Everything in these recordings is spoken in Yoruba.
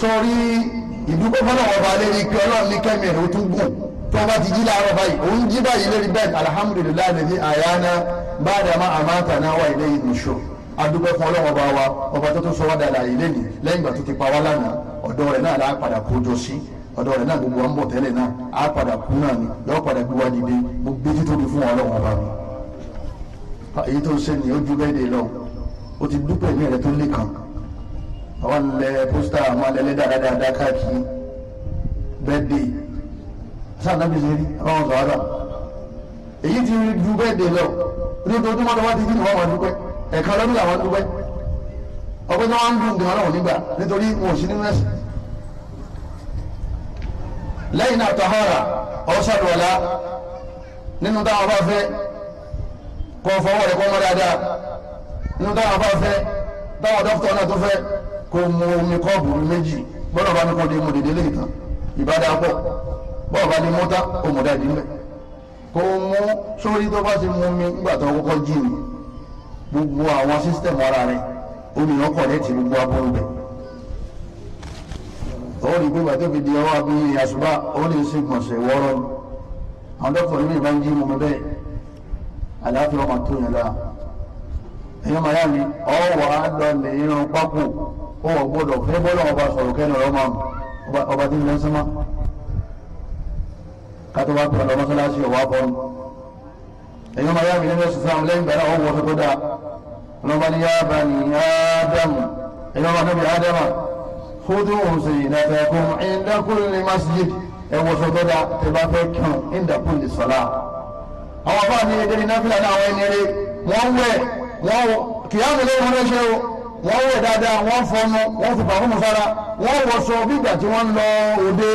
sọrí ìdúpẹ́ fọlọ́wọ́ ba lérí pé ọlọ́run ní kẹ́mi ẹ̀ ó tún gùn tó bá ti jí láàárọ̀ báyìí òun jí báyìí lérí bẹ́ẹ̀ alihamudulilayi lè ní àyáná a dàmá àmàtà náà wà ilé yìí nìṣó adúpẹ́ fún ọlọ́run ọba wa ọba tó tún sọ wá dáadáa yìí lẹ́yìn lẹ́yìn ìgbà tó ti pa wá lánàá ọ̀dọ̀ rẹ̀ náà là á padà kójọ sí ọ̀dọ̀ rẹ̀ náà gbogbo wa ń bọ̀ tẹ́lẹ̀ náà á padà kú náà ni yọ padà gbé wa dìde mo gbé títóbi fún ọlọ́run ọba mi. èyí tó ń ṣe nìyẹn ó ju bẹ́ẹ̀ de lọ ó ti àwọn ilẹ̀ pósítà àwọn alẹ́lẹ́ dáadáa káàkiri bẹ́ẹ̀dẹ̀ sáàdábì ṣe rí àwọn sọ̀rọ̀ èyí ti rí ju bẹ́ẹ̀dẹ̀ lọ lójoojúmọ́ lọ́wọ́ ti di ìwọ́n wọn dúpẹ́ ẹ̀ka lọ́dún làwọn dúpẹ́ ọpẹ́ tí wọ́n ń dùn gan ọlọ́run nígbà nítorí wọn ò sí nínú ẹ̀sìn lẹ́yìn náà tọ́hárà ọ̀ṣàdùọ̀lá nínú táwọn bá fẹ́ kọ́ fọwọ́ rẹ̀ kọ́ mọ́ dáadáa nínú táwọn bá fẹ́ táwọn dókítà náà tó fẹ́ kó mu omi kọ́ọ̀bù méjì bọ́lá bá ní kó di mu dèdè léyìí tán ìbádá pọ̀ bọ́ọ̀ bá ní mọ́tà ó mú dáadé ńlẹ̀ kó mu sórí tó bá ti mu mi nígbà tó kọ́kọ́ jí mi gbogbo àwọn sísítẹ̀mù ara rẹ̀ olùyàn kọ̀ lẹ́tì gbogbo abọ́rú bẹ̀ ó rí pé bàtó fi di ọwọ́ abí àṣùbà ó lè ṣe gbọ̀nsẹ̀ wọ́ọ́rọ́ ni àwọn dọ́kítọ̀ ní ìbá ń jí mu mi bẹ́ẹ̀ àlàáfíà ọmọ tó yẹn lára lọ lè irun wọn ò gbọdọ̀ fẹ́ bọ́lá ọba sọ̀rọ̀ kẹ́nu ọ̀rọ̀ máa ọba tí ń lọ sánmà kátó wá pẹ̀lú mọ́sálásí ọ̀wá bọ́ọ̀nù èyí ọmọ yára mi nínú ẹ̀sùn sáà lẹ́yìn bẹ̀rẹ̀ ọwọ́ tó tó dáa ọlọ́ba ní yáàbá ní ádámù èyí ọmọ níbi ádámà fúdú òsè ìdàtẹ̀kùn ìdákùnrin masjid ẹ̀wọ̀ tó tó dáa tẹ bá fẹ́ kàn ìdákùnrin sọ̀lá. àwọn afáàní ẹgbẹ́ ní náfìlà náà àwọn ẹni rẹ wọ́n wẹ̀ wọ́n kìyàmù lé wọn o. wọ́n wò dáadáa wọ́n fọnu wọ́n fi pàfọ́mù sára wọ́n wọṣọ bígbà tí wọ́n lọ òde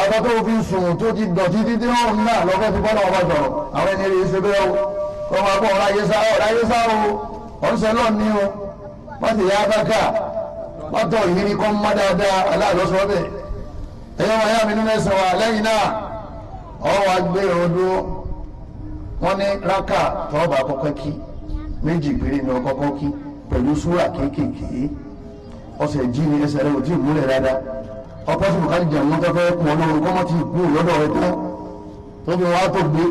aṣọ tó sùn tó ti dọ̀tí títí wọn náà lọ́fẹ́ fi bọ́lá ọba àwọn ẹni rèé ṣe bẹ́ẹ̀ o kọ́ máa bọ̀ ọ̀rọ̀ ayé sá sá wọ́n sì yá kọ́ pẹ̀lú súrà kéékèèké ọ̀sẹ̀ jí ni ẹsẹ̀ rẹ̀ ò tí ì múlẹ̀ dáadáa ọ̀pọ̀ sì bùkátì jẹ̀ wọ́n tẹ́fẹ́ kún ọ lóru kọ́mọ́ ti gbó lọ́dọ̀ rẹ̀ tán tó fi wá tó gbé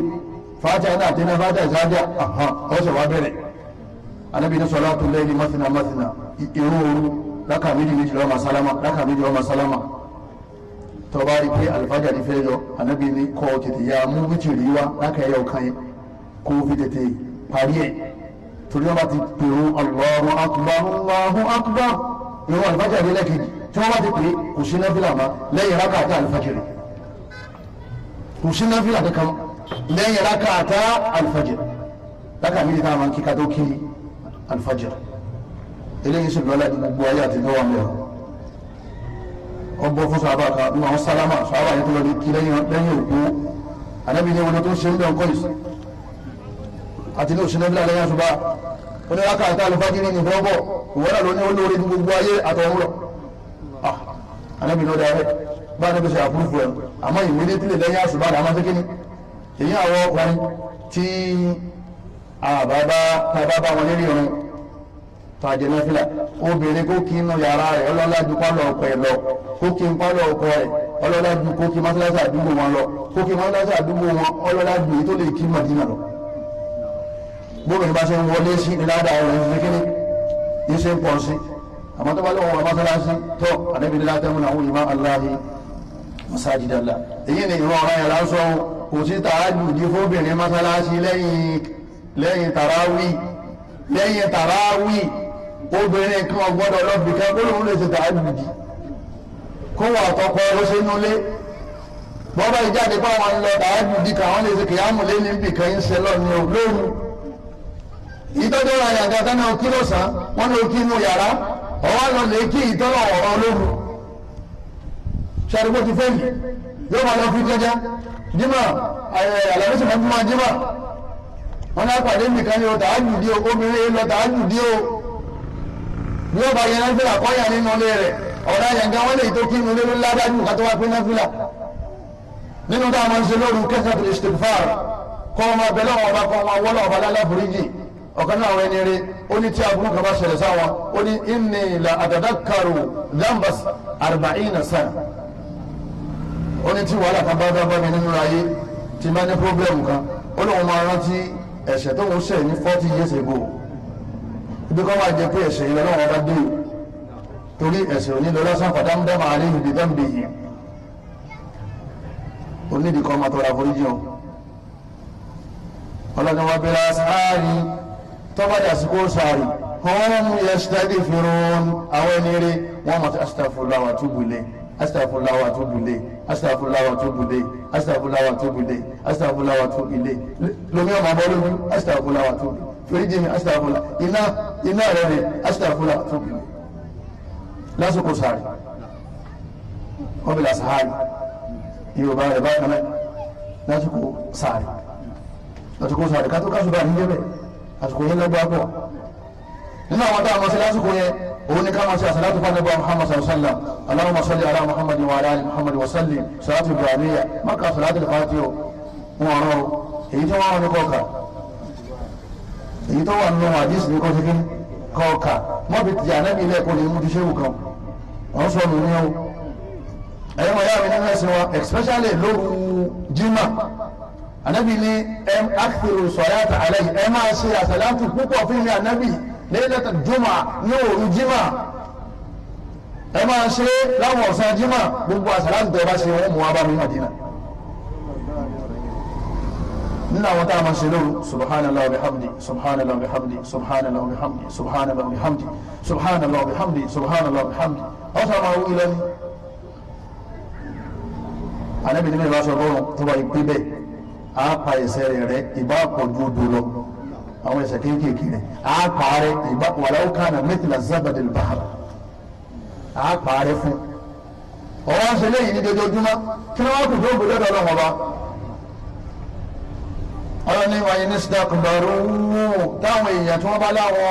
fàájà iná àtẹná fàájà ìsáájà ọ̀sẹ̀ wá bẹ̀rẹ̀ anábì ní sọlá tó lẹ́yìn mọ́sìnà mọ́sìnà irú ooru láka méjì méjì lọ́ọ́ masálámà láka méjì lọ́ọ́ masálámà tọ́ba rí pé àlùfáàjà ti fẹ́ yọ anábì ní kọ́ tètè ya mú méjì rí wa láka ẹ̀yọ kan yẹn kó fi tètè parí ẹ̀ torí wọn bá ti pèrò Allahu akbar Allahu akbar ìwọ alifájàre lẹ́kejì tí wọ́n bá ti pè é kò sí náfìlà mọ́ lẹ́yìn rákà àti alifájàre kò sí náfìlà kankan lẹ́yìn rákà àti alifájàre rákà mi ni táwọn kíkà tó kiri alifájàre eléyìí sì lọ́la gbogbo ayé àti ìdánwò àmì ọ̀hún ọgbọ́n fún sàbà kan ní àwọn sálámà sàbà yẹn tó lọ àti ní òṣèlú ẹ̀mílá lẹ́yìn àṣùbà oníraka àti alùpàgìrì ní ìfẹ́ ọ̀bọ̀ ìwọ́n náà ló ní olóore ní gbogbo ayé àtọ̀hún lọ. anábì ah, ló dáa rẹ bá anábì ṣe àpúrúfù ẹ àmọ́ ìwé ní tílẹ̀ lẹ́yìn àṣùbà làwọn máa tẹ́kíní èyí àwọn ọkùnrin tí àbábá tábábá wọn lérí ọ̀run tàjẹ́ náfìlà obìnrin kó kí inú yàrá rẹ̀ ọlọ́lá ju pálọ̀ ọkọ ẹ̀ lọ kó kí n pálọ̀ àdúgbò wọn lọ kó kí mọ́sálásí àdúgbò wọn ọlọ́lá ju èyí tó lè kí Mádínà lọ bóbìnrin bá ṣe ń wọlé sí ní ládàá rẹ̀ ń kékeré ní ṣe ń pọ̀ sí àmọ́ tó bá lọ́wọ́ wọn mọ́sálásí tó ànábì ní látẹ́mu náà wọ́n ìmọ̀ aláhi masajidala èyí ni ìran ọ̀rọ̀ yẹn lásọ kò sí tààjù ní fóbìnrin mọ́sálásí lẹ́yìn lẹ́yìn tàràwì lẹ́yìn tàràwì obìnrin kan gbọ́dọ̀ lọ́bìkan kó lóun lè ṣe tààjù jì kó wà tọkọ ló ṣe nulẹ̀ bọ́bá ìjáde pé àwọn ń lọ tààjù jì kà lè ṣe kìyàmù lé ìtọ́jọ́ ra yàgà tánà òkí lọ́sàn wọ́n ní òkí inú yàrá ọ̀wá lọ lè kí ìtọ́lọ̀ ọ̀rọ̀ olóru ṣàdúgbò ti fẹ́ẹ̀lì yóò máa lọ fi jẹjẹ jimá àlàbísì máa fún wa jimá wọn náà pàdé nìkan ni o tàá jù dí o obìnrin lọ tàá jù dí o bí ó bá yẹn náà fìlà kọ́yà nínú ilé rẹ̀ ọ̀rọ̀ yàgà wọn lè tó kí inú ilé ládájú ká wá pé náà fìlà nínú táwọn ń ṣe lóru kẹsàn-án tó kọ́ ọmọ abẹ́lẹ́ ọmọ ọba kọ́ ọmọ wọ́lọ́ ọba lálẹ́ àforíjì ọ̀kan náà àwọn ẹni rí ó ní tí aburú kan bá ṣẹlẹ̀ sáwọn ó ní inni la àdàdàkàrò lambas arba'ina sana ó ní tí wàhálà kan bá bá bá mi nínú ayé tí má ní pírọ́blẹ́mù kan ó lóun máa rántí ẹ̀ṣẹ̀ tó ń ṣẹ̀ ní forty years ago ibi kan máa jẹ pé ẹ̀ṣẹ̀ yìí lọ́wọ́ bá dé torí ẹ̀ṣẹ̀ òní lọ lọ́sàn fàdámdámà àléhùn dídámbè yìí onídìí kan máa tọrọ àforíjì o ọlọ́ni wọn bẹ̀rẹ̀ asáárì tọ́bàdà àsìkò sàárì hum yastaghfirun àwọn ẹni rí mọ̀ sí astaghfirullah wa atubu ilayh astaghfirullah wa atubu ilayh astaghfirullah wa atubu ilayh astaghfirullah wa atubu ilayh astaghfirullah wa atubu ilayh lomi ọmọ abọ́ lómi astaghfirullah wa atubu fèrèjì mi astaghfirullah iná iná rẹ̀ rẹ̀ astaghfirullah wa atubu ilayh lásìkò sàárì wọ́n bí lásàárì yorùbá rẹ̀ bákan náà lásìkò sàárì lásìkò sàárì kátó kásù bá níjẹ́ bẹ́ẹ̀ àsìkò yẹn lẹ́gbẹ́ àpọ̀ nínú àwọn táwọn ṣe lásìkò yẹn òun ni ká máa ṣe àṣàlátù fún àdébọ̀ muhammad sallam allahumma salli ala muhammad wa ala ali muhammad wa sallim salatu ibrahimiya maka salatu al-fati o wọn ọ̀rọ̀ o èyí tó wà wọn ni kò kà èyí tó wà nínú hadith ni kò ti mọ́bi tìjà náà mi ilé ẹ̀kọ́ ni kan wọ́n sọ nù ní o ẹ̀yọ́ yára mi nínú ẹ̀sìn wa especially lóru jimá anabi ni ẹ akiru sọláta alayhi ẹ máa ṣe àsàlátù púpọ̀ fún mi anabi laylata juma ní òru jimá ẹ máa ṣe láwọn ọ̀sán jimá gbogbo àsàlátù tẹ ẹ bá ṣe wọn mú wa bá mi Madina nínú àwọn tá a máa ṣe lóru subhanallah bihamdi subhanallah bihamdi subhanallah bihamdi subhanallah bihamdi subhanallah bihamdi subhanallah bihamdi wọ́n sọ máa wú ilé ní. àlẹ́ mi ní mi sọ lọ́rùn tó bá yí pé bẹ́ẹ̀ á pa ẹ̀ṣẹ̀ rẹ̀ ìbá pọ̀jù odò lọ àwọn ẹ̀ṣẹ̀ kéékèèké rẹ̀ á pa rẹ̀ ìbá wàláwó kànà mẹ́tìlá zábàdìl bàhà á pa rẹ̀ fún ọwọ́ ṣe léyìn ní dojoojúmọ́ kí wọ́n kù dóògùn lọ́dọ̀ ọlọ́wọ́ bá ọlọ́ni wáyé ní sídàkùnbẹ̀rù wúwo táwọn èèyàn tí wọ́n bá láwọn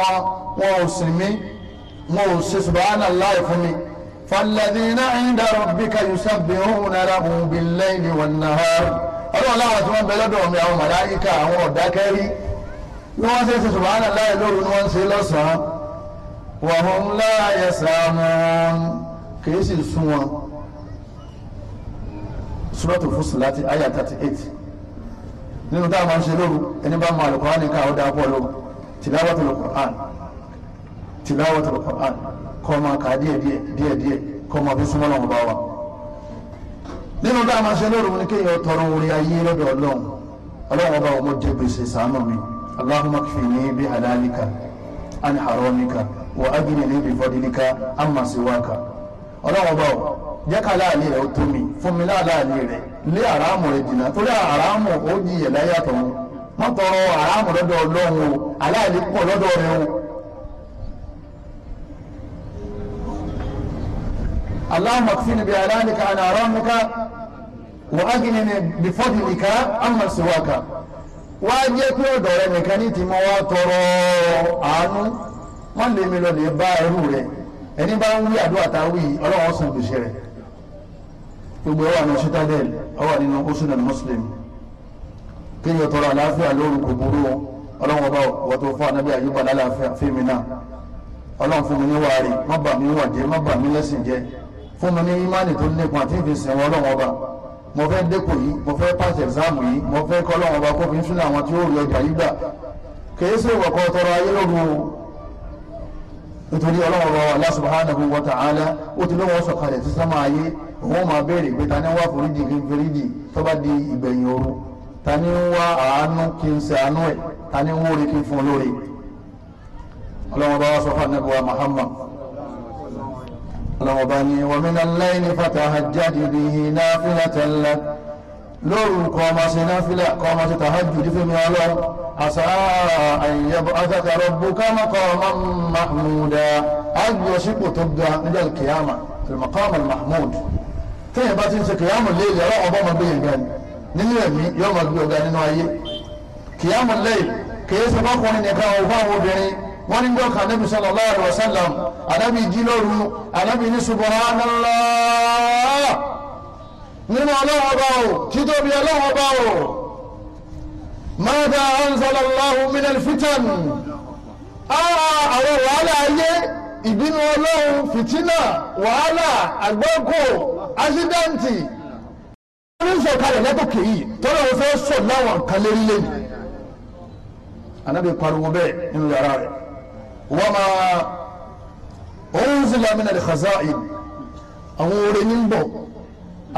wọn ò sìn mí wọn ò ṣe subahana láì fún mi fàlàdínà inda rabbika yusabbihuna lahu bil layli wan nahar ọlọ́run láwọn tí wọ́n bẹ lọ́dọ̀ mi àwọn màláyíkà àwọn ọ̀dákẹ́rí bí wọ́n ṣe ṣe subahana láì lóru ni wọ́n ṣe lọ́sàn-án wa hum la yasamun kì í sì sún wọn. suratu Fusilati aya thirty eight nínú táwọn máa ń ṣe lóru ẹni bá mọ Al-Qur'ani ká ó dáa pọ̀ lóru tilawatul Qur'an tilawatul Qur'an kọ́ máa kà á díẹ̀ díẹ̀ díẹ̀ díẹ̀ máa fi súnmọ́ lọ́wọ́ bá wa nínú tá a máa ṣe lóru ni kéèyàn tọrọ orí ayé lọ́dọ̀ ọlọ́run ọlọ́run ọba ọmọ jẹ gbèsè ṣàánú mi allahumma kfini bi halalika an haramika wa aghnini bi fadlika amma siwaka ọlọ́run ọba ọ jẹ́ ká láàlì rẹ̀ ó tó mi fún mi láàlì rẹ̀ lé àràmù rẹ̀ jìnnà torí àràmù ó jìyẹ láyé àtọ̀run wọ́n tọrọ àràmù lọ́dọ̀ ọlọ́run o aláàlì pọ̀ lọ́dọ̀ rẹ̀ o. allahumma kfini bi halalika an haramika wàhánìní bífọ́dìlìkà amasiwaka wá jẹ́ pé ọ̀dọ̀ rẹ nìkan ní tìmọ̀ wá tọrọ àánú wọ́n lè mi lọ lè bá ẹrú rẹ ẹni bá ń wí àdúrà tá a wí ọlọ́wọ́ sàn gbèsè rẹ gbogbo ẹwà ní citadel ọwà nínú usul muslim kí ni ọ̀tọ̀rọ̀ àlàáfíà lóru kò burú ọlọ́wọ́ bá wọ́n tó fún anábíà yóò bá lálàáfíà fíìmì náà ọlọ́run fún mi ní wàárí má bà mí wà má bà mí lẹ́sìn jẹ́ fún mi ní ìmánì tó nípa tí ì mo fẹ́ dépò yìí mo fẹ́ pass exam yìí mo fẹ́ kọ́ lọ́wọ́ ọba kó fi ń fún àwọn tí ó rí ọjà yìí gbà kìí ṣe ìwọ̀kọ̀ tọrọ ayé lógun nítorí ọlọ́wọ́ ọba wa Allah subhanahu wa ta'ala ó ti lọ́wọ́ sọ̀kalẹ̀ sí sámà ayé òun máa béèrè pé ta ni wá foríjì kí n foríjì tó bá di ìgbẹ̀yìn ooru ta ni wá àánú kí n ṣe àánú ẹ̀ ta ni wọ́n rí kí n fún olóore ọlọ́wọ́ ọba wa sọ fún anabi wa Muhammad ọlọ́mọba ni wọ́n mi lẹ́yìn fatahajjadi bihi nafilatan lak lóru kọ́ ọmọ sí náfílà kọ́ ọmọ sí tahajjudi fún mi ọlọ́ àṣà àyẹ̀bọ̀ àtàkà rabbuka maqaman mahmuda àjọ sípò tó ga níjà kìyàmà al-maqam al-mahmud téèyàn bá ti ń ṣe kìyàmù léèlì ọlọ́ ọba ọmọ gbéyàn ga ni nínú ẹ̀mí yóò máa gbé ọ̀gá nínú ayé kìyàmù léèlì kìí ṣe bákùnrin nìkan ò fáwọn obìnrin wọ́n ní gbọ́ kan Ànábì sallallahu alaihi wasallam Ànábì jí lóru Ànábì ní subhanallah nínú ọlọ́wọ́ ọba o títóbi ọlọ́wọ́ ọba o mada anzalallahu minal fitan àwọn wàhálà ayé ìbínú ọlọ́run fìtínà wàhálà àgbákò ásídẹ́ǹtì ní sọ̀kalẹ̀ lẹ́tọ̀kì yìí tọ́lá wọn fẹ́ sọ̀ láwọn kan lérí lẹ́nu anábì pariwo bẹ́ẹ̀ nínú yàrá rẹ̀ wama unzila min al-khaza'in àwọn oore ní ń bọ̀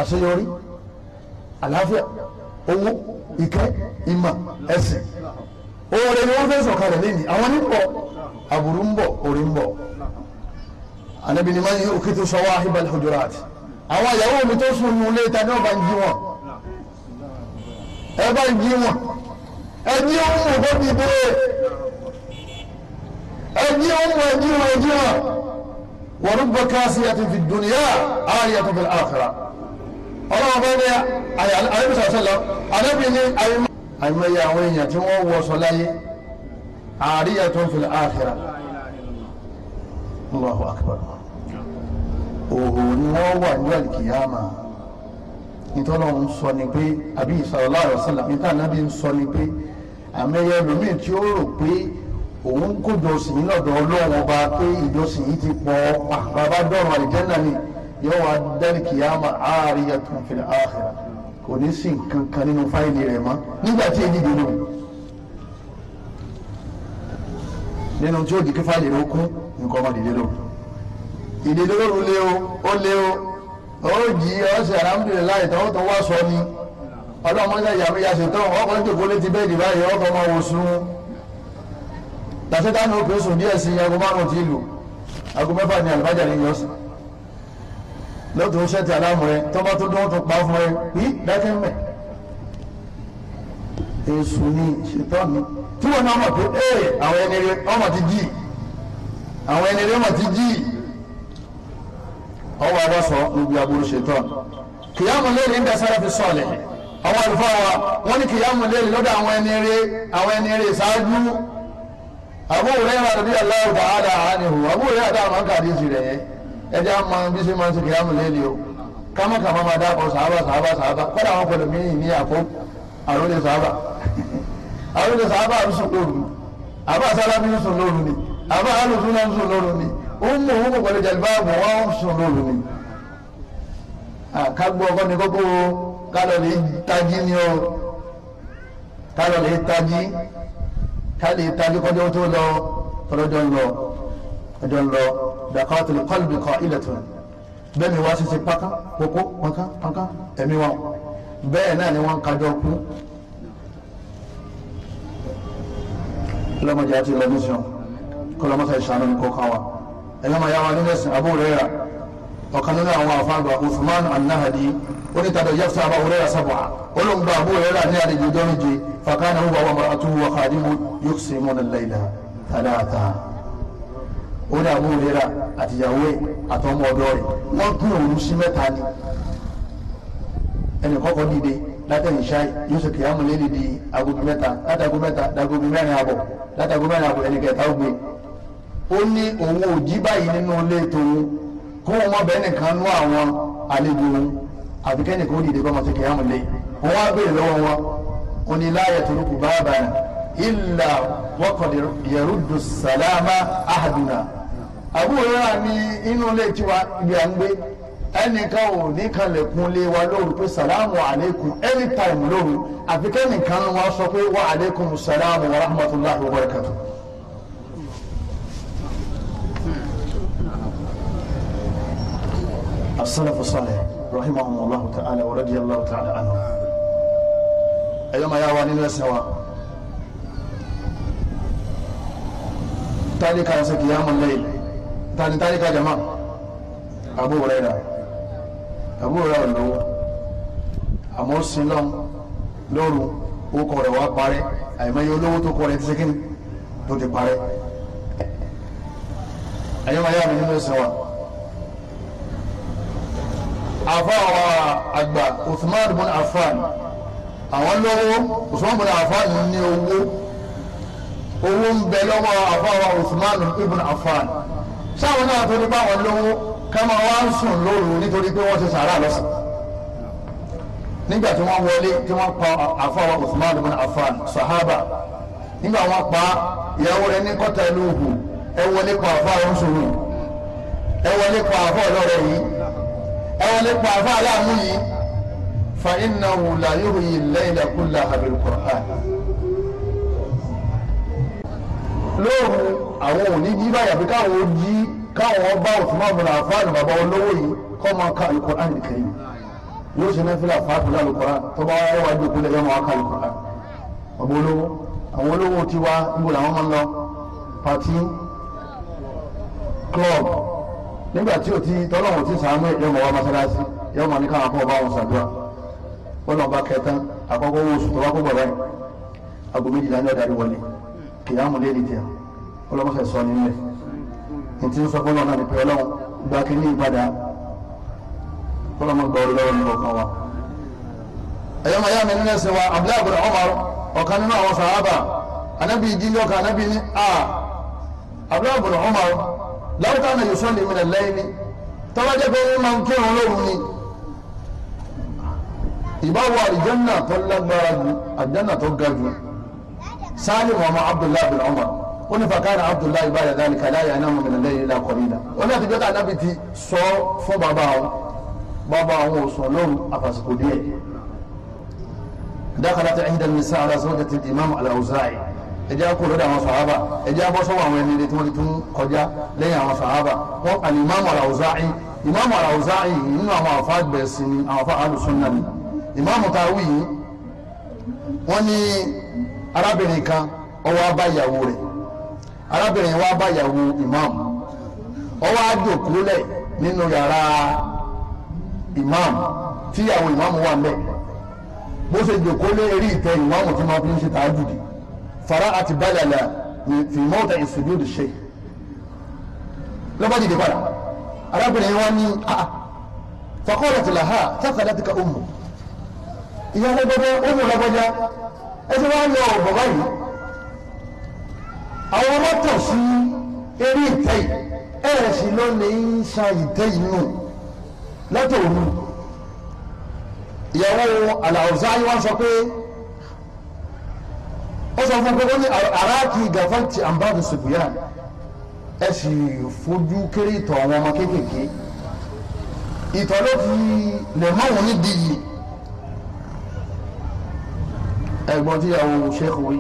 àṣeyọrí àlàáfíà owó ìkẹ́ ìmọ̀ ẹ̀sìn oore ni wọ́n fẹ́ sọ̀kalẹ̀ lẹ́yìn àwọn ní ń bọ̀ aburú ń bọ̀ oore ń bọ̀ anabi ni man yukitu sawahib al-hujurat àwọn ìyàwó mi tó sùn nù léta ní ọba ń jí wọn ẹ bá ń jí wọn ẹ ní òun mọ̀ bọ́ bíi bẹ́ẹ̀ ẹjí ọmọ ẹjí ọmọ ẹjí ọmọ wọn rúbọ káṣíyàtì fi dùnìyà àyàtọ fil akhirah ọlọ́wọ́ bẹ́ẹ̀ ni àyẹ̀bùsọ̀ sọ̀lọ́ àdébì ni àyẹ̀mẹyẹ àwọn èèyàn tí wọ́n wọ sọ láyé àríyàtọ fil akhirah Allahu akbar òhò ni wọ́n wà ní àlìkìyàmà nítorí wọn sọ ni pé àbí sallallahu alaihi wasallam nítorí ànábì ń sọ ni pé àmẹ́yẹ lómi tí ó rò pé òun kójọ sìn yín lọ́dọ̀ ọlọ́run ọba pé ìjọsìn yìí ti pọ̀ pa bàbá dọ̀rọ̀ àlìjẹ́nà ni yóò wá dẹ́rì kìyàmà àárẹ̀ tó fi àhẹ́rà kò ní sí nǹkan kan nínú fáìlì rẹ̀ mọ́ nígbà tí èyí dìde nínú tí ó di kí fáìlì rẹ̀ ó nǹkan ọmọ dìde lò ìdílé lé o ó lé o ó jí ọ̀sẹ̀ alhamdulilayi tó tó wá sọ ni ọlọ́mọdé yàrá yàtọ̀ ọkọ̀ ní tòkó létí bẹ́ẹ̀ dì báyìí ọkọ̀ ọmọ wò sùn tàbí táwọn òpin sùn díẹ̀ sí aago márùn tí lù aago mẹ́fà ní àlùbájà ní yọ̀ọ́sì lọ́tọ̀ ṣẹ́ ti aláàmù rẹ tó tó dán tó pa fún rẹ bí dákẹ́ mẹ́ èsù ni ṣètọ́n ni tí wọn náà mọ̀ pé ee àwọn ẹni rẹ ọmọ ti jí àwọn ẹni rẹ ọmọ ti jí ọwọ́ àbá sọ níbi aburú ṣètọ́n kìyàmù lẹ́yìn ń dasẹ́rẹ́ fi sọ̀lẹ̀ àwọn àlùfáà wa wọ́n kìyàmù lẹ́yìn lọ́dọ̀ àwọn ẹni àwọn ẹni ṣáájú Abu Hurairah radiyallahu ta'ala anhu Abu Hurairah dáhùn ọ̀nkà ya rẹ̀ an ẹjẹ́ àmọ́ bí sí máa ń sèké àmì lẹ́lẹ́ o kámákàmá máa dáàbò sàábà sàábà sàábà kọ́dà àwọn pẹ̀lú mi ní àkó àròlé sahaba àròlé sàábà ń sùn lóru àbá ni su ni ni ni ni káàdì ìtajú kọjọ́ tó lọ tọ́lọ́jọ́ ń lọ ẹjọ́ ń lọ dàkọ́tù kọ́lùbì kọ́ ilẹ̀ tó bẹ́ẹ̀ mi wá ṣiṣẹ́ pákán kókó pákán pákán ẹ̀mí wọn bẹ́ẹ̀ náà ni wọ́n ń kájọ kú lọ́mọdé àti ìlọ́dún sàn kọ́lọ́mọ́sá ìṣàánú ni kò káwa ẹ̀yọ́ máa yá wa nílẹ̀ sìn abúrò rẹ̀ rà ọ̀kan nínú àwọn àfáàgbà Uthman anahadi onítàdọ̀ yẹ́fù sábà òrẹ́ra sábà olóńgbà àbúrò rẹ̀ rà ní àdìjọ ọjọ́ méje fàkànnà wọ́n wọ́n mọ̀ra tó wọ́n kàdí mu yóò ṣe mọ́ ní lẹ́yìn tàdáàtà oní àbúrò rẹ̀ àtìyàwó àtọmọ ọ̀dọ̀ rẹ̀ wọ́n gún òru sí mẹ́ta ni ẹnì kọ́kọ́ dìde látẹ̀yìn ṣáì yóò ṣe kìyàmù lé níbi agogo mẹ́ta látàgó mẹ́ta dàgógo mẹ́rin àbọ̀ látàgó mẹ́rin àbọ̀ ẹnì kẹta ó ó ní òun ò jí báyìí nínú ilé tòun kó wọn mọ bẹ́ẹ̀ nìkan nú àwọn àlejò wọn àbí kẹ́ni kó dìde bọ́mọ tẹ̀kẹ́ yàmù lé wọn wá béèrè lọ́wọ́ wọn wọn ni láyà torúkú bàbà ilà wọkọ̀ yẹrùdù sàlámà àhàdùnà àbúrò rà ní inú ilé tiwa ibi à ń gbé ẹnìkan ò ní kanlẹ̀kùn lé wa lóru pé sàlámù àlékún anytime lóru àfi kẹ́nìkan wọn sọ pé wà àlékún sàlámù rahmatulahi wa barakatuh. as-salaf as-salih rahimahumullahu ta'ala wa radiyallahu ta'ala anhu ẹ̀yọ́ máa yá wa nínú ẹ̀sìn wa tani ka ṣe qiyamul layl tani tani ka jama Abu Hurairah Abu Hurairah lọ́wọ́ àmọ́ sílọ́n lóru ó kọ̀ rẹ̀ wá parẹ́ àìmọye olówó tó kọ̀ rẹ̀ ti ṣe kí ni tó ti parẹ́ ẹ̀yọ́ máa yá mi nínú ẹ̀sìn wa. àfáwà àgbà Uthman bin Affan àwọn lọ́wọ́ Uthman bin Affan ní owó owó ń bẹ lọ́wọ́ àfáwà Uthman ibn Affan sáwọn náà tó ní báwọn lọ́wọ́ káma wá ń sùn lóru nítorí pé wọ́n ti sàrà lọ́sàn nígbà tí wọ́n wọlé tí wọ́n pa àfáwà bin sahaba nígbà wọ́n pa ìyàwó rẹ̀ ní kọ́tà ìlú ògùn ẹ wọlé pa àfáwà ń ẹ wọlé pa àfáwà lọ́rẹ̀ yìí. ẹwọ nípa àfa aláàmú yìí fa iná wùlà yóò yí lẹ́yìnlá kúlà àbẹ̀rù kọ̀ọ̀kan. lóòrù àwọn òní jí báyà pé káwọn ó jí káwọn ọba òtúmọ̀ bọ̀lá àfáàní bàbá olówó yìí kọ́ máa ka alukọ̀rán nìkan yìí yóò ṣe náà fílà fàákùlà alukọ̀rán tó bá wáyé wájú ìpínlẹ̀ yóò máa ka alukọ̀rán bàbá olówó àwọn olówó tiwa níbo làwọn máa ń lọ pàtí club nígbà tí o ti tọ́lọ́wọ̀n ti sàánú ẹ̀ yọmọ wa masalasi yọmọ ní káwọn akọ́wọ́ bá wọn sàdúrà bọ́lá ọba kẹtàn àkọ́kọ́ owó oṣù tó bá kó bọ̀ báyìí aago méjìlá ní ọ̀dàrí wọlé kìyàmù lé ní tiẹ̀ ọlọ́mọṣẹ́ sọ ní ilẹ̀ ní ti ń sọ fọlọ́ náà ní pé ọlọ́run gba kínní ìpadà ọlọ́mọ gba orí lọ́wọ́ nínú ọkàn wa. ẹ̀yọ́ màá yá mi nínú ẹ̀sìn wa abdulayi abdul omar ọ̀kan nínú àwọn sàhábà anábì ìdílé ọkàn abdulayi omar لو كان يصلي من الليل توجب من كان لومني يباوى الجنة قل لك الجنة تقرد سالم وما عبد الله بن عمر قل فكان عبد الله يباوى ذلك لا ينام من الليل إلا قليلا ولا تجد أن أبتي سو فباباو باباو وصلوم أفاسكودية دخلت عهد النساء على زوجة الإمام الأوزاعي ẹjẹ́ kó lọ́dọ̀ àwọn sàhábà ẹjẹ́ bọ́ sọ́wọ́ àwọn ẹni tí wọ́n ti tún kọjá lẹ́yìn àwọn sàhábà wọ́n àní ìmáàmù Al-Awza'i ìmáàmù al nínú àwọn àfa gbẹ̀sìn ni àwọn àfa alùsùnà ni ìmáàmù táwí yìí wọ́n ní arábìnrin kan ó wá ìyàwó rẹ̀ arábìnrin wa bá ìyàwó àjòkúlẹ̀ nínú yàrá tíyàwó wà mẹ́ bó ṣe jòkó lé eré ìtẹ́ tí فرأت بللا في موضع السجود الشيخ lọ́bàdì dè padà arábìnrin yìí wá ní àà ah, ah. faqalat laha safalatki ummu ìyá lọ́gbọ́dọ́ ọmọ lọ́gbọ́dọ́ ẹsẹ̀ wá lọ ọ̀bọ̀ báyìí àwọn ọmọ tọ̀ sí eré ìtẹ́ yìí ẹ̀rẹ̀ sí ló lè ń sa ìtẹ́ yìí nù látòrú ìyàwó Al-Awza'i wá sọ pé ó sọ fún pé ó ní aráàkì gàfàtì àǹbáàdù sùfìyàn ẹ sì fojú kéré ìtọ̀ àwọn ọmọ kéékèèké ìtọ̀ ló fi lè mọ́ òun ní dìyì ẹ̀gbọ́n tíyàwó sheikh wí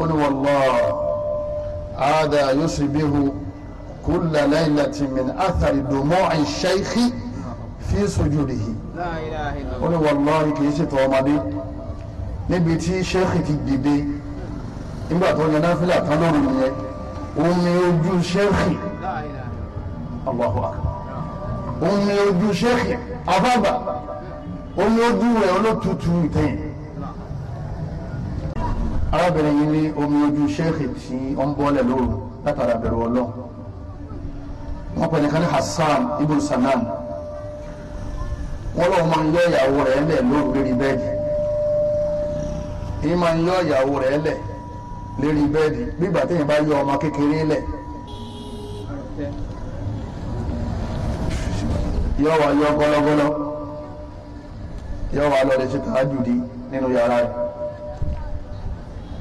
ó ní wallahi àádá yusibihu kulla laylatin min athari dumu'i shaykhi fi sujudihi ó ní wallahi kìí ṣètò ọmọdé níbi tí sheikh ti dìde nígbà tó yan náfìlà tán lóru yẹn òun ni ojú sẹ́ẹ̀kì Allahu akbar òun ni ojú sẹ́ẹ̀kì afábà òun ni ojú rẹ̀ olótùtù ìtẹ̀yìn arábìnrin yìí ní omi ojú sẹ́ẹ̀kì tí ó ń bọ́lẹ̀ lóru látara bẹ̀rù ọlọ́run wọn pẹ̀lú kan ní Hassan ibn Sanan wọn lọ́wọ́ máa ń yọ ìyàwó rẹ̀ lẹ̀ lóru lórí bẹ́ẹ̀dì èyí ń yọ ìyàwó rẹ̀ lẹ̀ lérí bẹ́ẹ̀dì nígbà téèyàn bá yọ ọmọ kékeré lẹ̀ yọ wá yọ gọlọgọlọ yọ wá lọ lè ṣe tàájùdí nínú yàrá rẹ̀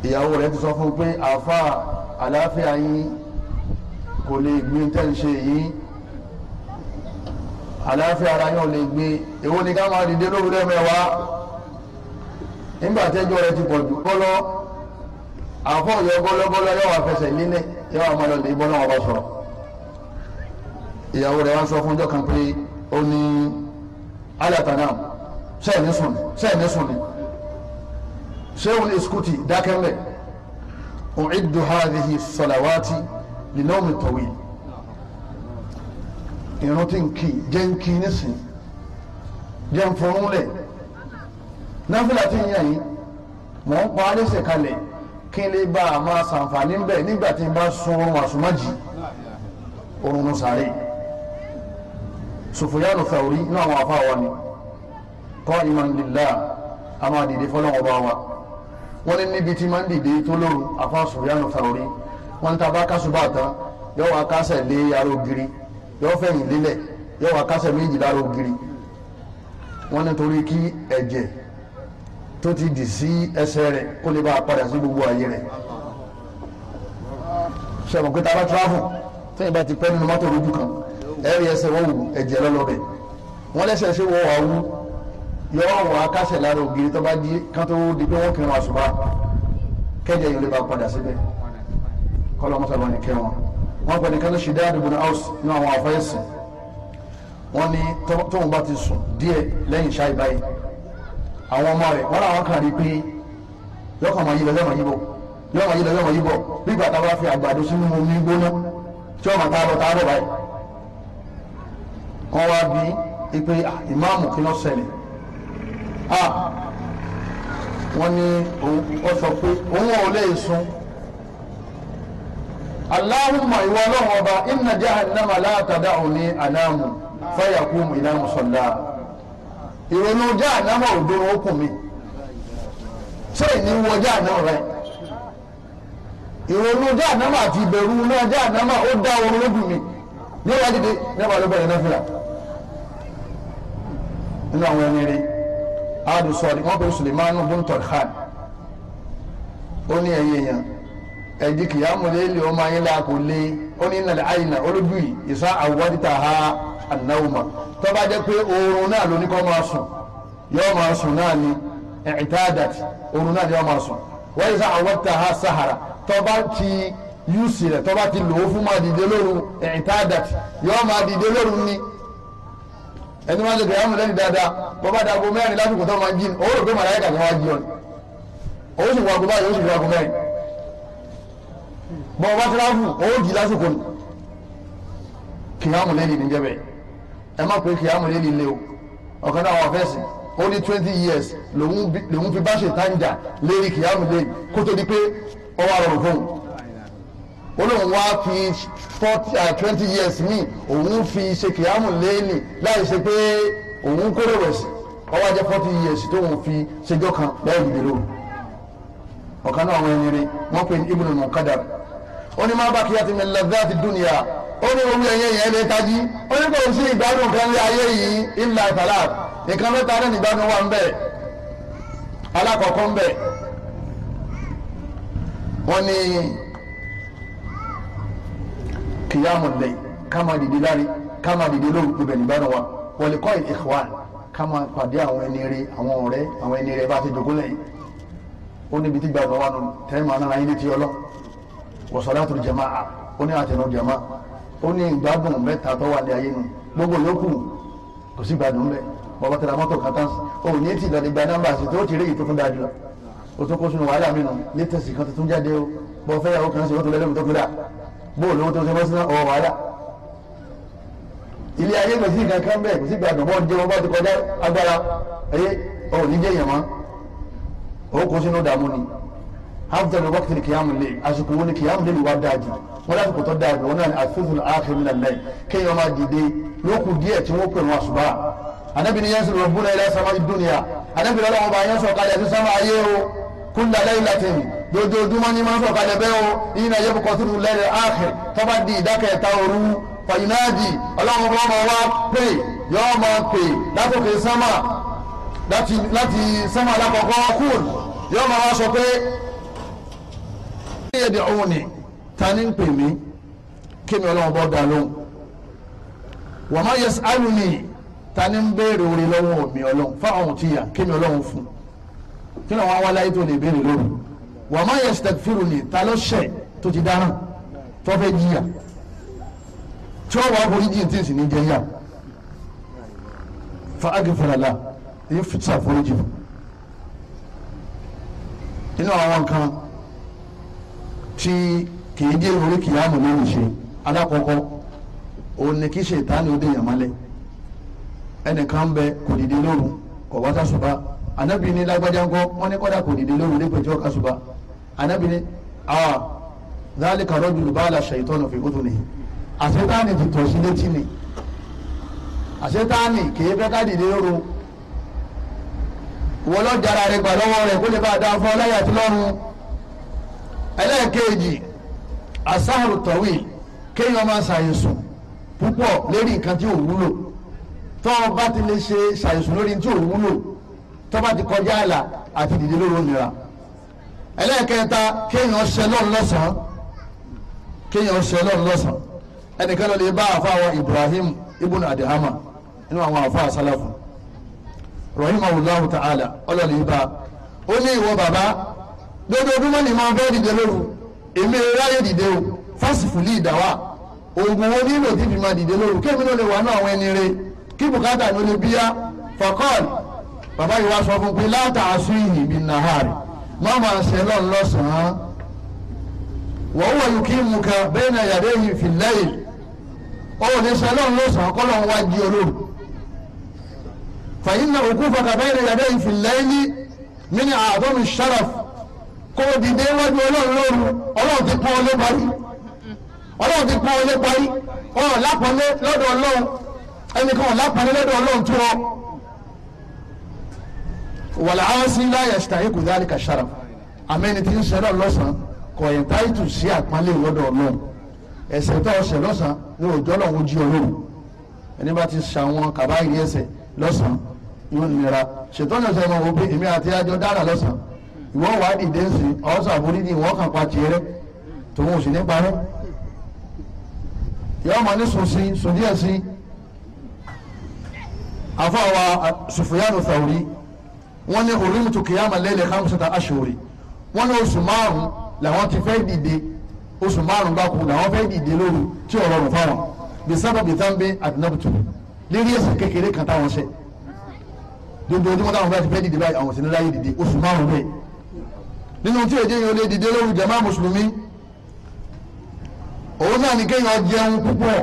ìyàwó rẹ̀ ti sọ fún un pé àáfàá àlàáfíà yín kò lè gbé tẹ́ǹṣe yìí àlàáfíà ara yóò lè gbé èwo ni ká máa dìde lóru lẹ́mẹ̀wá nígbà tẹ́jọ́ rẹ̀ ti pọ̀ jù kọ́lọ́ àfọ yọ bọlọbọlọ yọ wà fẹsẹ̀ lílẹ̀ yọ wà mọlọ lè bọlọ wọn bá sọ̀rọ̀ ìyàwó rẹ̀ wá sọ fún ọjọ́ kan pé ó ní alátàná sẹẹni sùn ni sẹẹni sùn ni sẹwọn iskuti dákẹ́mbẹ̀ ọ̀ẹ́dù hàdìhì sọ̀làwátì lìnàmì tọ̀wì ìrún tí ń kì jẹ́ ń kì nísìn jẹ́ ń fọ́nrún lẹ̀ náfìlà tí ń yàn yìí mọ̀ ń pa alẹ́sẹ̀ kalẹ̀ kí n lè bá a máa ṣàǹfààní bẹ nígbà tí n bá sun oorun àsùnmájì oorun nù sàárè Sufyanu Thawri náà wọn afa wa ni qa'iman lillah a máa dìde fọlọ́wọ́ bá wa wọ́n ní níbi tí máa ń dìde tó lóru afa wọ́n ta bá kásùbà tán yóò wá kásẹ̀ lé yàrá ògiri fẹ̀yìn lélẹ̀ wá kásẹ̀ ògiri tó ti dì sí ẹsẹ̀ rẹ̀ kó lè bá a padà sí gbogbo ayé rẹ̀ sọ̀rọ̀ pé tàbá travel tẹ́yìn bá ti pẹ́ nínú mọ́tò lójú kan ẹ̀rí ẹsẹ̀ wọ́n wù ẹ̀jẹ̀ lọ́lọ́bẹ̀ wọ́n lẹ́sẹ̀ ṣé wọ́n wà wú yọ wọ́n akásẹ̀ lára ògiri tó bá di kán tó di pé wọ́n kírun àṣùbà kẹ́jẹ yìí lè bá padà síbẹ̀ kọ́lọ́ mọ́tàbá ni kẹ́ wọn wọn pẹ̀lú kálí ṣìdá àdìbò náà house nínú àwọn àfẹ́sìn wọn ni tóun bá ti sùn díẹ̀ lẹ́yìn ṣáì báyìí àwọn ọmọ rẹ̀ wọ́n làwọn kan rí i pé yọkàn máa yí lọ yọmọ yí bọ̀ yọmọ yí lọ yọmọ yí bọ̀ nígbà tá a bá fi àgbàdo sínú omi gbóná tí ọmọ tá a lọ tá a bọ̀ báyìí. wọ́n wá bí i pé ìmáàmù kí ló ṣẹlẹ̀ wọ́n ní ó sọ pé òun ò lè sun aláhùnmá ìwọ ọlọ́run ọba ìnàjà ànámà látàdá òní ànámù fáyà kú ìnámù ìrònú jáàdámà òdòrò okùn mi ṣé ìní wọ jáàdámà rẹ ìrònú jáàdámà àti ìbẹ̀rù náà jáàdámà ó dá oorun lójú mi ní wàá dìde nígbà ló bẹ̀rẹ̀ náà fìlà nínú àwọn ẹni rí adùsọ̀rì wọn bẹ̀rẹ̀ Sulemanu buntor khan ó ní ẹ̀yẹ yẹn ẹ̀dí kìyàmù ọmọ ayé kò lé ó ní nàlẹ́ àyìnà olóbì ìsá àwòdìtà ha anáwùmá tó bá jẹ́ pé oorun náà ló ní kó máa sùn yóò máa sùn náà ni ẹ̀ẹ́dàdàt oorun náà ni máa sùn wọ́n sá àwọn tá a sahara tó bá ti yúùsì rẹ̀ tó bá ti lò ó fún máa dìde lóru ẹ̀ẹ́dàdàt yóò máa dìde lóru ni ẹni máa ń sèkè ẹmu lẹ́nu dáadáa bọ́bá dàgbò mẹ́rin lásìkò tó máa ń jìn owó rò pé màláyé kàkà wá jìn ọ́ sì wọ báyìí owó sì fi mẹ́rin bọ́bá tíráfù owó jì lásìkò ni kìyàmù lẹ́yìn níjẹ́ bẹ́ẹ̀ ẹ má pé kìámù lé líle o ọ̀kan náà wọ́n fẹ́sìn ó ní twenty years lòun fi bá ṣe tánjà lérí kìámù lé kó tó di pé ó wà rọrùn fóun olóhùn wá fi uh, twenty years míì òun fi ṣe kìámù lé ní láì ṣe pé òun kórè wẹ̀sì ọwọ́ ajẹ́ forty years tóun fi ṣèjọ́ kan lẹ́yìn ìdèrò ọ̀kan náà wọ́n ẹni rí wọ́n pe ibùdó mọ̀kádà ó ní má bá kíyàtì min ladhati dunya ó ní omi ẹ̀yẹ yẹn lè tají ó ní kò sí ìgbádùn kan lé ayé yìí ilà ìfàlà nǹkan mẹ́ta náà nígbàdùn wà ń bẹ̀ alákọ̀ọ́kọ́ ń bẹ̀ wọ́n ní kìyàmù lẹ̀ káma dìde lárí káma dìde lóru ibẹ̀ nígbàdùn wa wọ́n lè kọ́ ìkọ́wà káma pàdé àwọn ẹni rẹ àwọn ọ̀rẹ́ àwọn ẹni rẹ bá ti jogún lẹ́yìn ó níbi tí gbàgbọ́ wa nù tẹ́ẹ̀mù anára yín létí ọlọ́ wọ̀sọ̀lá tó jẹ̀máà ó ní àtẹnu jẹ̀máà ó ní ìgbádùn mẹ́ta tó wà ní ayé nu gbogbo yòókù kò sí ìgbádùn bẹ́ẹ̀ bọ́bá tẹ̀lé mọ́tò kan tán ò ní tì lọ́ọ́ nígbà nọ́mbà sí tó ti rí ìtò fún dájú o tó kó sínú wàhálà mi nù létẹ̀sì kan tuntun jáde o bọ́ fẹ́ yàwó kan sí o tó lẹ́lẹ́mú tó tó dà bóòlù owó tó ṣe mọ́sí náà ọ̀wọ́ wàhálà ilé ayé kò sí nǹkan kan bẹ́ẹ̀ kò sí gbàgbọ́ bọ́ọ̀ jẹ́ wọn bá ti kọjá agbára ẹ̀yẹ ọ̀ ní jẹ́ yẹ̀mọ́ òun kó sínú dààmú ni afdal waqti ni kiyamu lil àsìkò wo ni kiyamu lil wa dáa jù wọn láti kò tó dáa jù wọn náà ni àfihàn ààfin mi nàlẹ́ kéèyàn máa dìde lókun díẹ̀ tí wọ́n pè wọn àṣùbà anabi ni yansi rabu na ilẹ̀ sama dunia anabi lọ́la wọn bá yan sọ̀ kalẹ̀ sí sama ayé o kúnlẹ̀ lẹ́yìn latin dojoojúmọ́ ni máa ń sọ̀ kalẹ̀ bẹ́ẹ̀ o yìí náà yẹ kó kọ́sìrì lẹ́yìn ààfin tó bá di ìdákẹ́ta òru fàyínáàjì ọlọ́run bá wọn wá pè yọ máa pè látòkè sama láti sama alákọ̀ọ́kọ́ kúl yọ máa wá sọ pé yẹ̀dì ọ̀hún ni ta ni ń pè mí kí mi ọlọ́run bọ́ da lóhùn wà má yẹsẹ̀ áyù ni ta ni ń béèrè orí lọ́wọ́ mi ọlọ́run fáwọn ti yà kí mi ọlọ́run fún kí ni àwọn wáláyé tó lè béèrè lóru wà má yẹsẹ̀ tẹ̀fìrù ni ta ló ṣẹ̀ tó ti dáràn tó fẹ́ jìyà tí wọ́n wà á jìn tí ì sì ní jẹ́ yà fa agifalala yìí fi inú àwọn kan. tí kìí jẹ́ orí kìyàmù lónìí ṣe alákọ̀ọ́kọ́ òun ni kí ṣètánì ó dé yàmálẹ̀ ẹnìkan bẹ kò dìde lóru kò wá sásùbà ànábì ní lágbájá ńkọ́ wọ́n ní kọ́dà kò dìde lóru nípa ìjọ kásùbà ànábì ní àwà dhalika rajulu bala shaytanu fi udunihi àṣetánì ti tọ̀ sí létí ni àṣetánì kìí fẹ́ ká dìde lóru wọ́n lọ́ọ́ gbà lọ́wọ́ rẹ̀ kó lè bá a dá fọ́ láyà tí lọ́rùn ẹlẹ́ẹ̀kejì asáhàrù asahuru kéèyàn máa ṣàyẹ̀sùn púpọ̀ lérí nǹkan tí ò wúlò o bá ti lè ṣe ṣàyẹ̀sùn lórí tí ò wúlò tó bá ti kọjá àlà àti dìde lórí òmìnira ẹlẹ́ẹ̀kẹta kéèyàn ṣe lọ́run lọ́sàn-án kéèyàn ṣe lọ́run lọ́sàn-án ẹnìkan Ibrahim ibùn adihama àwọn ta'ala ibà ó ní ìwọ bàbá dojoojúmọ́ ni máa fẹ́ dìde lóru èmi ráyè dìde o fásitì lè dà wá oògùn wo nílò tí fi máa dìde lóru kémi ló lè wà náà àwọn ẹni re kí bùkátà ló lè bíyá fọkọ́ọ̀l bàbá yìí wá sọ fún pé láta aṣọ ìyìn bíi nahari má máa ṣe lọ́n lọ́sàn-án wọ́n wọ̀ yìí kí mu kan bẹ́ẹ̀ náà yàrá èyí fi lẹ́yìn ó ní ṣe lọ́n lọ́sàn-án kọ́ lọ́n wá di olóòrùn fàyín náà òkú fọkà bẹ́ẹ̀ náà yàrá èyí fi lẹ́yìn mí ni àádọ́nù sharaf kó o dìde wájú ọlọ́run lóru ọlọ́run ti pọ́n ọlé parí ọlọ́run ti pọ́n ọlé parí ọ̀rọ̀ lápọ̀lé lọ́dọ̀ ọlọ́run ẹnìkan ọ̀rọ̀ lápọ̀lé lọ́dọ̀ ọlọ́run tó ọ. wàlá áwọ̀sí láyà ṣàyè kò dáa ká ṣàrà àmẹ́ni tí ń ṣẹlẹ̀ lọ́sàn-án kò yẹn táìtù sí àpọ́nlé lọ́dọ̀ ọlọ́run ẹ̀ṣẹ̀ tó ọ̀ṣẹ̀ lọ́sàn-án ní òòjọ́ lọ́run jí ọlọ́run ẹni bá ti ṣàwọn kàbáyé ẹ̀ṣẹ̀ lọ́sàn-án yóò nira ṣètọ́jú ọ̀sẹ̀ ọmọ wo pé èmi àti ajọ dára lọ́sàn-án ìwọ wàá dìde sí ọ̀sán ni ìwọ kàn pa tiẹ̀ rẹ tòun ò sì ní parẹ́ yọọ ma ní sùn sí sùn díẹ̀ sí àfọwà Sufyanu Thawri wọn ní hurrimat qiyama layli khamsata ashhuri wọn ní oṣù márùn làwọn ti fẹ́ dìde oṣù márùn gbáko làwọn fẹ́ dìde lóru tí ọ̀rọ̀ rùn fáwọn bí sábàbí tánbí àdínábùtù lérí ẹ̀ṣẹ̀ kékeré kan táwọn ṣe dodo ojúmọ́ táwọn fẹ́ dìde báyìí àwọn sì ní láyé dìde oṣù márùn bẹ́ẹ̀ nínú tí èdè yẹn ó lè dìde lórí jàmá mùsùlùmí òun náà ní kéèyàn jẹun púpọ̀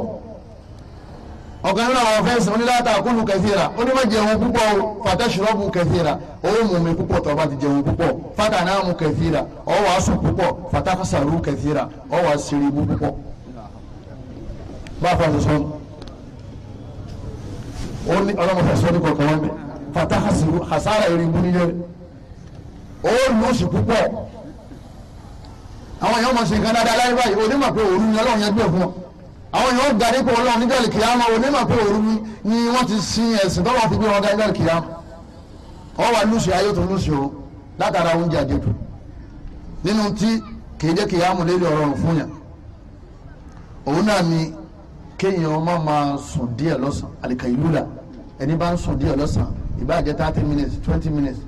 ọ̀kan nínú àwọn fẹ́ǹsì oníláta kúlù kẹfìrà ó ní má jẹun púpọ̀ o fàtà ṣùrọ́bù kẹfìrà ó mú mi púpọ̀ tó bá ti jẹun púpọ̀ fàtà náà mú kẹfìrà ó wà á sùn púpọ̀ fàtà fàṣàrù kẹfìrà ó wà á púpọ̀ bá a sọ sọ́nù ọlọ́mọ fẹ́ sọ́nù kọ̀ọ̀kan wọn bẹ̀ fàtà hasara èrè ibú nílẹ̀ ó lùsì púpọ̀ àwọn èèyàn mọ̀ sí nǹkan dáadáa láyé báyìí onímọ̀ pé òru ni ọlọ́run yẹn gbé fún ọ àwọn èèyàn ga nípa ọlọ́run nígbà lè kíyàmá onímọ̀ pé òru ni wọ́n ti sin ẹ̀sìn tó wà fi gbé wọn ga nígbà lè kíyàmá ọ wà lùsì ayé tó lùsì o látara oúnjẹ àjẹjù nínú tí kì í lélẹ̀ ọ̀rọ̀ fún yàn òun náà ni kéèyàn ọmọ máa sùn díẹ̀ lọ́sàn àlìkà ìlú là ẹni bá ń sùn díẹ̀ lọ́sàn ìbá thirty minutes twenty minutes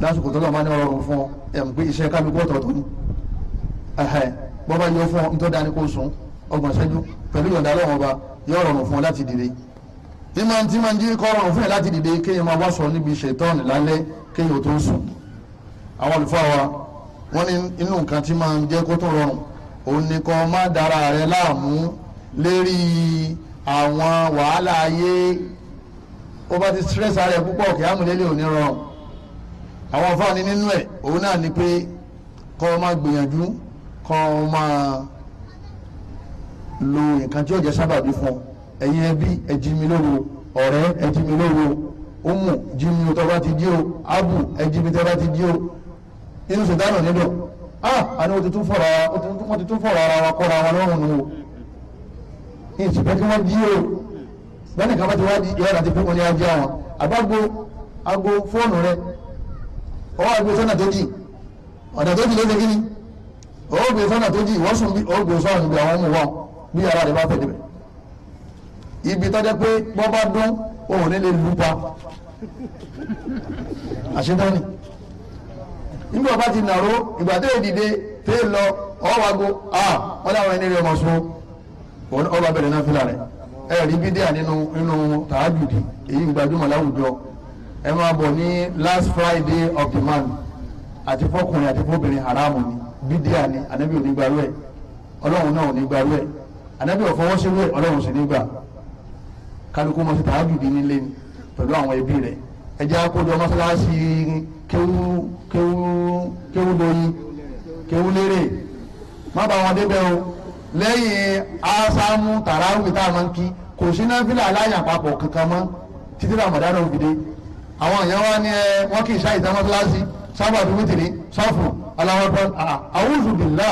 lásìkò tó lọ́ọ́ máa ní ọrọ̀rùn fún ọ ẹ̀m kálukú ọ̀tọ̀ọ̀tọ̀ ni bọ́bá yọ fún ọ nítorí dání kó sùn ọgbọ̀n ṣẹ́jú pẹ̀lú yọ̀ǹda lọ́wọ́ ọba yọ ọrọ̀rùn fún ọ láti dìde ní máa ń tí máa ń jí kọ́ ọrọ̀rùn fún ẹ láti dìde kéèyàn máa wá sọ níbi ṣètọ́ọ̀nì lálẹ́ kéèyàn tó sùn àwọn olùfọ́ wa wọ́n ní inú nǹkan tí máa ń jẹ́ kó tó rọrùn òun ni kó má dára rẹ láàmú lérí àwọn wàhálà ayé ó bá ti stress ara ẹ púpọ̀ kí á mú lélẹ̀ òní rọrùn àwọn afáàní nínú ẹ̀ òun náà ni pé kọ́ ọ máa gbìyànjú kọ́ ọ máa lo nǹkan tí ọ̀jẹ̀ sábàbí fún ọ ẹ̀yin ẹbí ẹ mi lóru ọ̀rẹ́ ẹ mi lóru ọmọ jí mi tó bá ti jí o abu ẹ jí mi tó bá ti jí o inú sèdánù nílò ah àni wọ́n ti tún fọ̀rọ̀ ara wa kọ́ra wọn lọ́rùn nù o ìsìnkú kí wọ́n jí o bẹ́ẹ̀ ni kábàtì wá di ìyára ti fún wọn ní ajá wọn àbágo ago fóònù rẹ ọwọ́ gbé na tó dì ọ̀nà tó dì ló ṣe kíni ọwọ́ gbé sọ́nà tó dì wọ́n sùn bí ọwọ́ gbé sọ́nà níbi àwọn bí ara rẹ̀ bá fẹ́ débẹ̀ ibi tọjọ pé bọ́ dún òun ní lè lù àṣetánì nígbà bá ti nàró ìgbà tó yẹ dìde lọ náà bídíà nínú nínú èyí gbajúmọ̀ láwùjọ ẹ máa bọ̀ ní last friday of the month àti fọkùnrin àti fọbìnrin haramu ni bídíà ni anabi onígbàrú ẹ ọlọ́run náà onígbàrú ẹ anabi ọ̀fọwọ́sẹ́wé ọlọ́run sì nígbà kálukú mọ̀ sí tàájùdí nílé ni pẹ̀lú àwọn ẹbí rẹ̀ ẹjẹ́ akójọ mọ́sálásí kéwú kéwú kéwú lóyin kéwú lérè má bá wọn débẹ̀ o lẹ́yìn asámú tàràwì tá a máa ń kí kò sí náà fílẹ̀ aláyàn papọ̀ kankan mọ́ títí ramadan òfìdé àwọn èèyàn wa ní ẹ eh, wọn kì í ṣáà ìtàn mọ́tíláṣí sábà bí wítìrì sọ́fù aláwọ̀pọ̀ àwùjù bìlá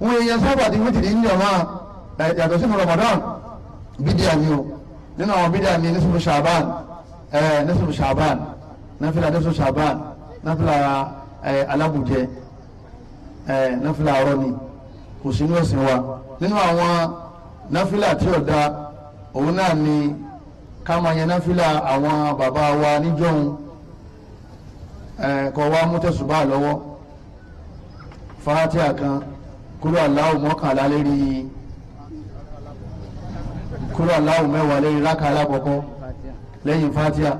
wọn èèyàn sábà bí wítìrì ń jọmọ́ yàtọ̀ sínú Ramadan bídíà ni o nínú àwọn bídíà ni nísùmù Ṣàbán ẹ nísùmù Ṣàbán náfìlà nísùmù Ṣàbán náfìlà alábùjẹ ẹ eh, náfìlà ọrọ́ni kò sínú ẹ̀sìn wa nínú àwọn náfìlà tí ó dá òun náà ni ká máa yan náfìlà àwọn bàbá wa níjọ́hun kọ́ wa mú tẹ̀sùbá lọ́wọ́ fàátì àkan kúrò aláwọ̀ mọ́kànlá lérí kúrò aláwọ̀ mẹ́wàá lérí rákà alákọ̀ọ́kọ́ lẹ́yìn fàátìà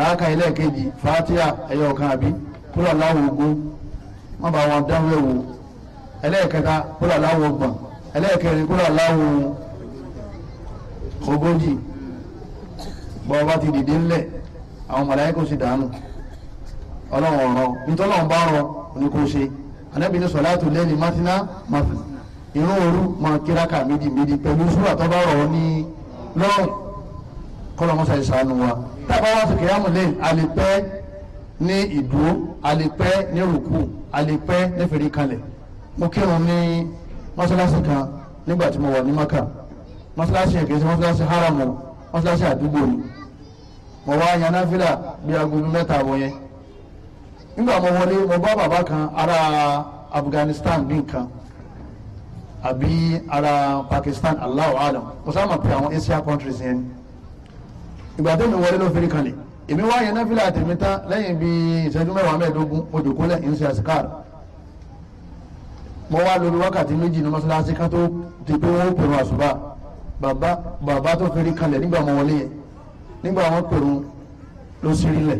rákà ẹlẹ́ẹ̀kejì fàátìà ẹ̀yọ̀ kan àbí kúrò aláwọ̀ ogún wọ́n bá wọn dáhùn ẹ̀wò ẹlẹ́ẹ̀kẹta kúrò aláwọ̀ ọgbọ̀n ẹlẹ́ẹ̀kẹrin kúrò aláwọ̀ ogójì. bọ́ọ̀ bá ti dìde ńlẹ̀ àwọn màláyé kò sì dànù ọlọ́run ọ̀rọ̀ nítorí bá rọ ni kò ṣe anábì ní sọ̀láàtù lẹ́ni mátínà máfìlì irun máa méjì méjì pẹ̀lú bá rọ̀ ọ́ ní lọ́rùn kọ́lọ́mọ́sá ìṣàánú wa tábà àlèpẹ́ ní ìdúró àlèpẹ́ ní mo wá yan náfìlà bí aago mẹ́ta àbọ̀ yẹn nígbà mo wọlé mo bá bàbá kan ará Afghanistan bí nǹkan àbí ará Pakistan Allahu alam mo sábà pe àwọn Asia countries yẹn ìgbà tó mi wọlé ló fẹ́rẹ̀ kan lè èmi wá yan náfìlà àtẹ̀mí tán lẹ́yìn bíi ìṣẹ́jú mẹ́wàá mẹ́ẹ̀ẹ́dógún mo jòkó lẹ́yìn ṣe àṣekáàrọ̀ mo wá lórí wákàtí méjì ní mọ́ṣáláṣí kan tó ti pé ó pèrò àṣùbà bàbá bàbá tó fẹ́rẹ̀ kan lẹ̀ nígbà mo wọlé yẹn nígbà wọn pèrún ló sì rí